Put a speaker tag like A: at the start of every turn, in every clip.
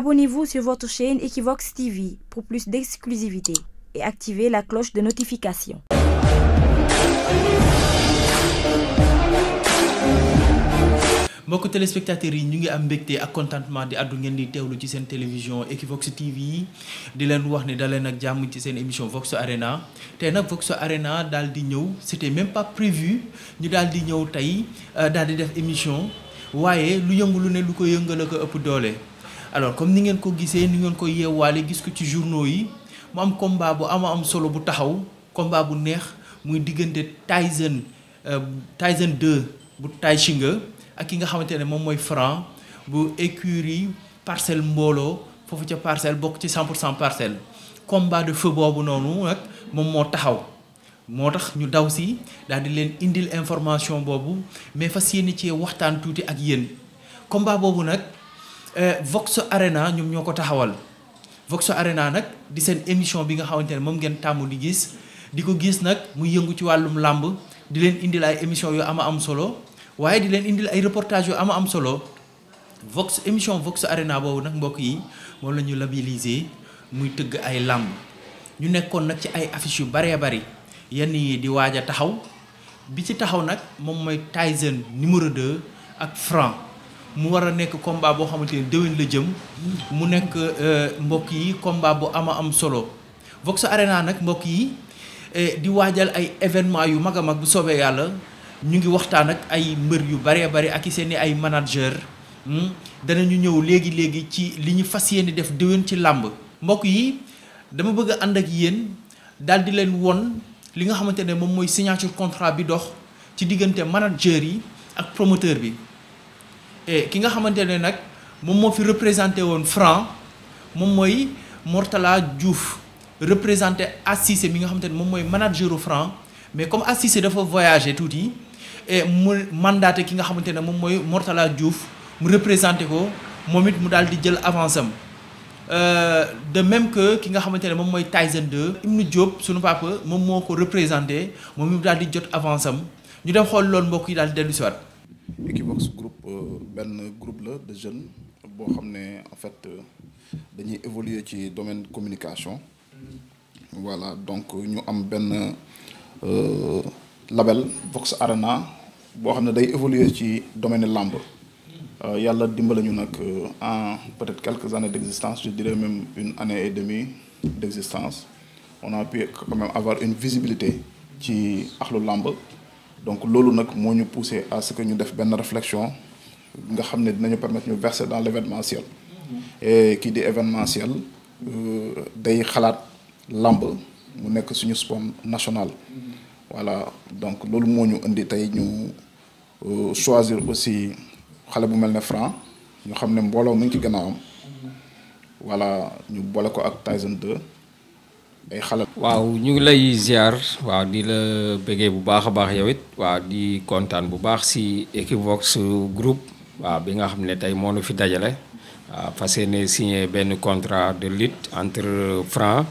A: Abonnez-vous sur votre chaîne Equivox TV pour plus d'exclusivité et activez la cloche de notification.
B: mbokk téléspectateurs yi ñu ngi am mbégte ak contentement di addu ngeen di teewlu ci seen télévision Equivox TV di leen wax ni daleen ak jàmm ci seen émission Vox Arena tey nag Vox Arena daal di ñëw c'était même pas prévu ñu daal di ñëw tey euh, daal di def émission waaye lu yëngu lu ne lu ko yëngal a ko ëpp doole. alors comme ni ngeen ko gisee ni ngeen ko yeewaale gis ko ci journaux yi mu am combat bu ama am solo bu taxaw combat bu neex muy diggante Tyson euh, Tyson 2 bu Taïchinga ak ki nga xamante ne moom mooy Franc bu écurie parcelle mbooloo foofu ca parcelle bokk ci 100 pour cent parcelle combat de feu boobu noonu nag moom moo taxaw moo tax ñu daw si daal di leen indil information boobu mais fas yéene ci waxtaan tuuti ak yéen combat boobu nag. Euh, Vox Arena ñoom ñoo ko taxawal Vox Arena nag di seen émission bi nga xamante ne moom ngeen tàmm di gis di ko gis nag muy yëngu ci wàllum làmb di leen indil ay émission yu ama am solo waaye di leen indil ay reportage yu ama am solo Vox émission Vox Arena boobu nag mbokk yi moom la ñu labellisé muy tëgg ay làmb ñu nekkoon nag ci ay affiche yu baree bari yenn yi di waaj a taxaw bi ci taxaw nag moom mooy Tyson numéro 2 ak Franc mu war a nekk combat boo xamante ni déwén la jëm mu nekk euh, mbokk yi combat bu ama am solo Vox Arena nag mbokk yi eh, di waajal ay événement yu mag a mag bu soobee yàlla ñu ngi waxtaan ak ay mbër yu baree bari ak i seen i ay manager hmm? danañu ñëw léegi léegi ci li ñu fas yéene def déwén ci làmb mbokk yi dama bëgg a ànd ak yéen daal di leen won li nga xamante ne moom mooy signature contrat bi dox ci diggante manager yi ak promoteur bi et ki nga xamante ne nag moom moo fi représenté woon franc moom mooy Mortala Diouf représenté Assise mi nga xamante ne moom mooy manageru franc mais comme Assise dafa voyagé tuuti et mu mandaté ki nga xamante ne moom mooy Mortala Diouf mu représenté ko moom it mu daal di jël avance am euh, de même que ki nga xamante ne moom mooy Tyson 2 Ibnou Diop sunu papa moom moo ko représenté moom it mu daal di jot avance am ñu dem xool lool mbokk yi daal di dellu si waat
A: Equivox group euh, benn groupe la de jeunes boo xam ne en fait euh, dañuy évoluer ci domaine communication voilà donc ñu am benn euh, label Vox Arena boo xam ne day évoluer ci domaine làmb yàlla dimbala ñu nag en peut-être quelques années d'existence je dirais même une année et demie d'existence on a pu quand même avoir une visibilité ci axlu làmb donc loolu nag moo ñu poussé à que ñu def benn réflexion nga xam ne dinañu permettre ñu verser dans l' événementiel kii di événementiel day xalaat làmb mu nekk suñu sport national voilà donc loolu moo ñu indi tey ñu euh, choisir aussi xale bu mel ne Franc ñu xam ne mbooloo mu ngi ci am wala ñu boole ko ak Tyson 2 ay waaw
C: ñu ngi lay ger waaw di la bëggee bu baax a baax yow it waaw di kontaan bu baax si Equivox groupe waaw bi nga xam ne tey moo nu fi dajale waaw fas yéene signé benn contrat de lutte entre Franc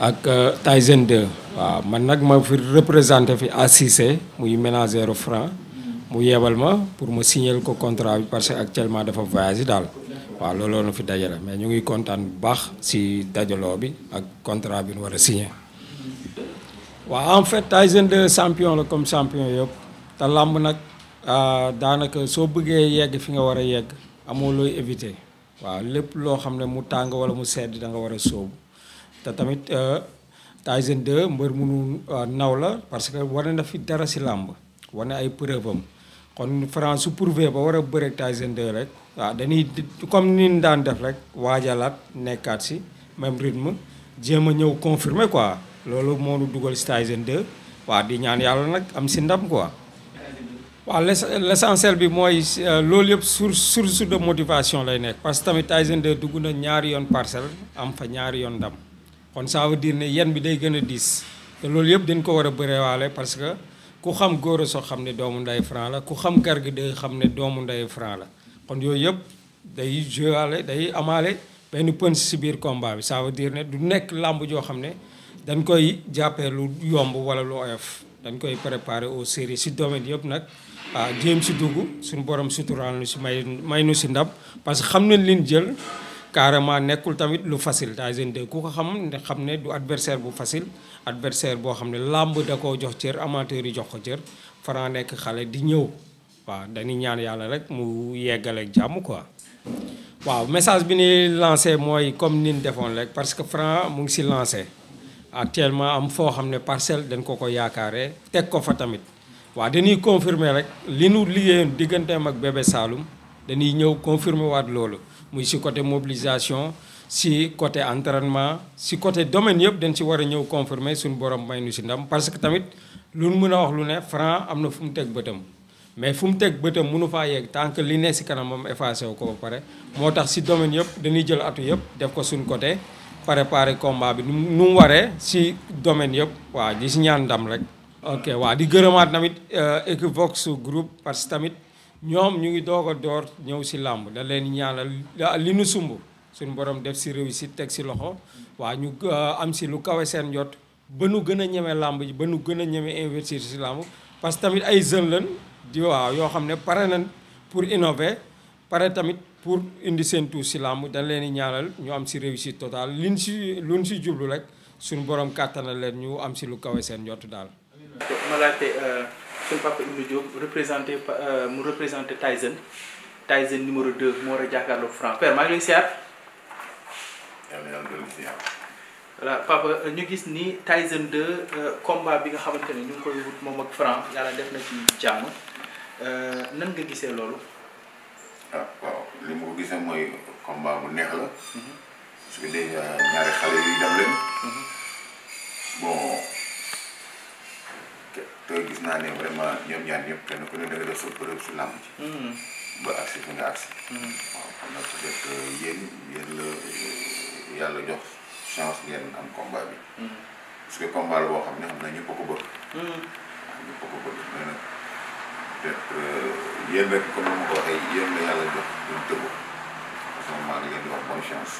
C: ak euh, Tyson 2. waaw man nag ma fi représenté fi ACC muy ménagère Franc mu yebal ma pour ma signer ko contrat bi parce que actuellement dafa voyagé daal. waaw looloo nu fi dajale mais ñu ngi kontaan bu baax si dajaloo bi ak contrat bi nu war a signé waaw en fait Tyson 2 champion la comme champion yëpp te làmb nag ah, daanaka soo bëggee yegg fi nga war a yegg amoo looy éviter waaw lépp loo xam ne mu tàng wala mu sedd da nga war a soobu te tamit euh, Tyson 2 mbër munu euh, naw la parce que wane na fi dara si làmb wane ay preuve kon France su prouvé ba war a bëre Tyson 2 rek waaw dañuy comme ni ñu daan def rek waajalaat nekkaat si même rythme jéem a ñëw confirmer quoi loolu moo nu dugal si Tyson waa di ñaan yàlla nag am si ndam quoi. waaw l'essentiel bi mooy euh, loolu yëpp source source de motivation lay nekk. parce que tamit Tyson 2 dugg na ñaari yoon parcelle am fa ñaari yoon ndam kon ça veut ne yen bi day gën a diis te loolu yëpp dañ ko war a bërewaale parce que. ku xam góor soo xam ne doomu nday franc la ku xam gargi day xam ne doomu nday franc la kon yooyu yëpp day jouale day amaale benn pënc si biir combat bi ça veut dire ne du nekk làmb joo xam ne dañ koy jàppee lu yomb wala lu oyof dañ koy préparer au sérieux si domaine yëpp nag ah jéem si dugg suñu borom suturaal nu si may may nu si ndam parce que xam nañ liñ jël carrément nekkul tamit lu facile Tyson 2 ku ko xam ne xam ne du adversaire bu facile adversaire boo xam ne làmb da koo jox cër amateur yi jox ko cër Franc nekk xale di ñëw waaw dañuy ñaan yàlla rek mu yeggale yeggaleeg jàmm ko waaw message bi ni lancé mooy comme ni ñu defoon rek parce que Franc mu ngi si lancé actuellement am foo xam ne parcelle dañ ko ko yaakaaree teg ko fa tamit waa dañuy confirmer rek li nu liggéeyoon digganteem ak bébé Saloum dañuy ñëw confirmer waat loolu. muy si côté mobilisation si côté entraînement si côté domaine yëpp dañ si war a ñëw confirmer suñu borom may nu si ndam parce que tamit lu ñu a wax lu ne Franc am na fu mu teg bëtam mais fu mu teg bëtam munu faa yegg tant que li ne si kanamam effacé wu ko ba pare moo tax si domaine yëpp dañuy jël atu yëpp def ko suñu côté préparer combat bi nu mu waree si domaine yëpp waa di si ñaan ndam rek ok waaw di gërëmaat tamit euh, Equivox groupe parce que tamit ñoom ñu ngi doog a door ñëw si làmb da leen ñaanal li nu sumb suñu borom def si réussite teg si loxo waa ñu euh, am si lu kawe seen jot ba nu gën a ñeme làmb ji ba nu gën a ñeme investir si làmb parce que tamit ay jeunes lañ di waaw yoo xam ne pare nañ pour innover pare tamit pour indi seen tuus si làmb dañ leen di ñaanal ñu am si réussite totale liñ si luñ si jublu rek suñu borom kàttanal leen ñu am si lu kawe seen jot daal
B: ma laajte euh, suñu papa Ibou Diop représenté euh, mu représenté Tyson Tyson numéro 2 moo war a jàkkaarloo Franc père maa ngi lay siyaar. papa euh, ñu gis ni Tyson 2 combat bi nga xamante ne ñu ngi koy wut moom ak Franc yàlla def na ci jàmm
A: nan nga gisee loolu. ah waaw li ma ko gisee mooy combat bu neex la. Mhm. parce que déjà ñaari xale yu dem leen. Mhm. te gis naa ne vraiment ñoom ñaar ku ne da nga def mm-hmm. ba agsi fi nga agsi. Mm-hmm. waaw xam naa peut être euh, yéen yéen la euh, yàlla jox chance ngeen am combat bi. Mm-hmm. parce que combat la boo xam ne xam na ñëpp a ko bëgg. waaw euh, rek comme ni ko waxee yéen la jox ñu tëbu parce maa ngi leen di wax bonne chance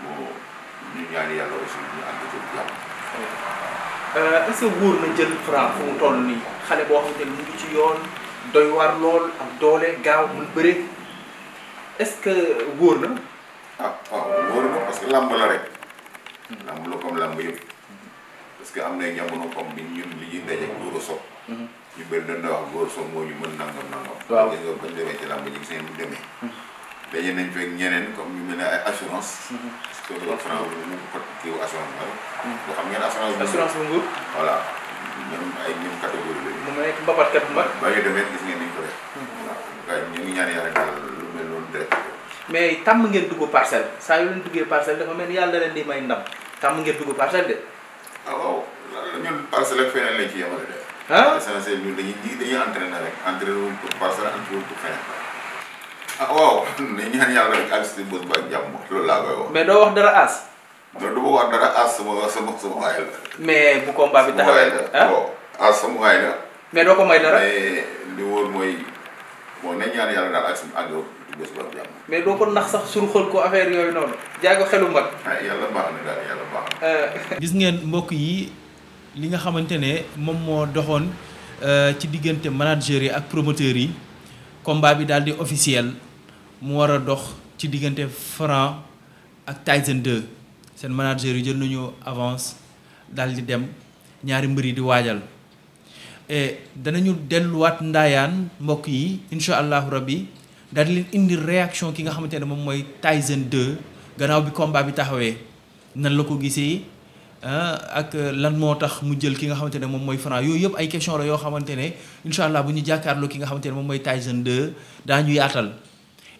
A: bon ñu ñaan yàlla aussi
B: Euh, est-ce que wóor na jël Franc fu mu toll nii xale boo xamante ni mu ngi ci yoon doy waar lool ak doole gaaw mun bëre est-ce que wóor na.
A: ah waaw ah, wóor na parce que làmb la rek. làmb la comme làmb yëpp. parce que am na jamono comme bi ñun li ñuy dajeeg góor a soog. ñu bëri dañ wax góor a moo ñu mën nangam nangam. waaw gis nga bañ demee ci làmb ji seen demee. Mhm. daje nañ fekk ñeneen comme ñu mel ne ay assurance. Mhm. parce que loolu franc bu mu code kii wu assurance la. Mhm. boo xam assurance. assurance bu nguur voilà ñoom ay ñoom catégorie la ñu. mu nekk mbabatkat bu mag. ba ñu demee gis ngeen
B: ni ñu ko def. Mhm. waaw ñu yàlla daal lu mel noonu direct. mais tàmm ngeen dugg parcelle saa yu leen duggee parcelle dafa mel ni yàlla leen di may ndam tàmm ngeen dugg parcelle de. ah waaw
A: ñun parcelle ak feneen lañ ci yemale de. ah essentiel ñun dañuy dañuy entraîner rek entraîner wuñ pour parcelle entraîner wuñ pour feneen. ah waaw mais ñaan yàlla rek ak si bés ba jàmm loolu laa koy wax. mais doo wax dara as. non sama sama sama waay mais bu combat bi taxawee ah as sama waay la. mais
B: doo daal nax sax sur xol ko affaire yooyu noonu jaago xelu mag. ah euh. mbokk yi li nga xamante ne moom moo euh, ci diggante manager yi ak promoteur yi combat bi daal di officiel. mu war a dox ci diggante Franc ak Tyson de seen manager yi jël nañu avance daal di dem ñaari mbër yi di waajal et danañu delluwaat ndaayaan mbokk yi incha allahu rabbi daal di leen indi réaction ki nga xamante ne moom mooy Tyson 2 gannaaw bi combat bi taxawee nan la ko gisee ah, ak lan moo tax mu jël ki nga xamante ne moom mooy Franc yooyu yëpp ay question la yoo xamante ne incha allah bu ñu jàkkaarloo ki nga xamante ne moom mooy Tyson 2 de ñu yaatal.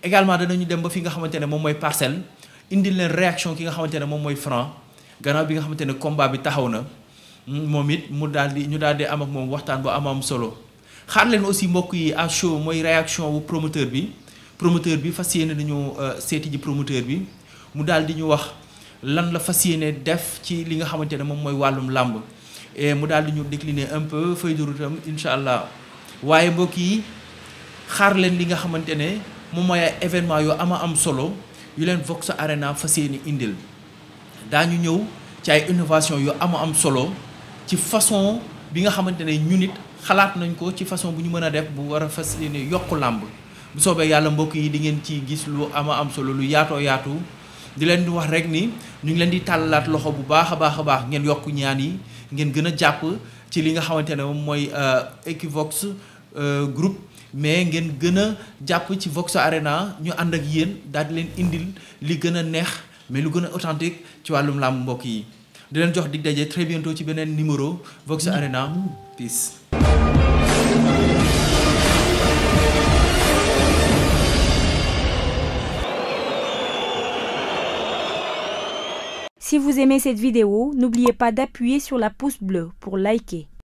B: également danañu dem ba fi nga xamante ne moom mooy parcelle indil leen réaction ki nga xamante ne moom mooy franc gannaaw bi nga xamante ne combat bi taxaw na moom it mu daal di ñu daal di am ak moom waxtaan bu am am solo xaar leen aussi mbokk yi à chaud mooy réaction wu promoteur bi promoteur bi fas yéene nañu euh, seeti ji promoteur bi mu daal di ñu wax lan la fas yéene def ci li nga xamante ne moom mooy wàllum làmb mu daal di ñu décliner un peu de route am incha allah waaye mbokk yi xaar leen li nga xamante ne. moom mooy ay événement yoo ama am solo yu leen Vox Arena fas yéene indil daañu ñëw ci ay innovation yu ama am solo ci façon bi nga xamante ne ñun it xalaat nañ ko ci façon bu ñu mën a def bu war a fas yokk làmb bu soobee yàlla mbokk yi di ngeen ci gis lu ama am solo lu yaatoo yaatu di leen di wax rek ni ñu ngi leen di tàllalaat loxo bu baax a baax a baax ngeen yokk ñaan yi ngeen gën a jàpp ci li nga xamante ne moom mooy euh, Equivox euh, groupe mais ngeen gën a jàpp ci Vox Arena ñu ànd ak yéen daal di leen indil li gën a neex mais lu gën a authentique ci wàllum làmb mbokk yi di leen jox di daje très ci beneen numéro Vox mm. Arena mm. peace.
A: Si vous aimez cette vidéo, n'oubliez pas d'appuyer la pouce bleue pour liker.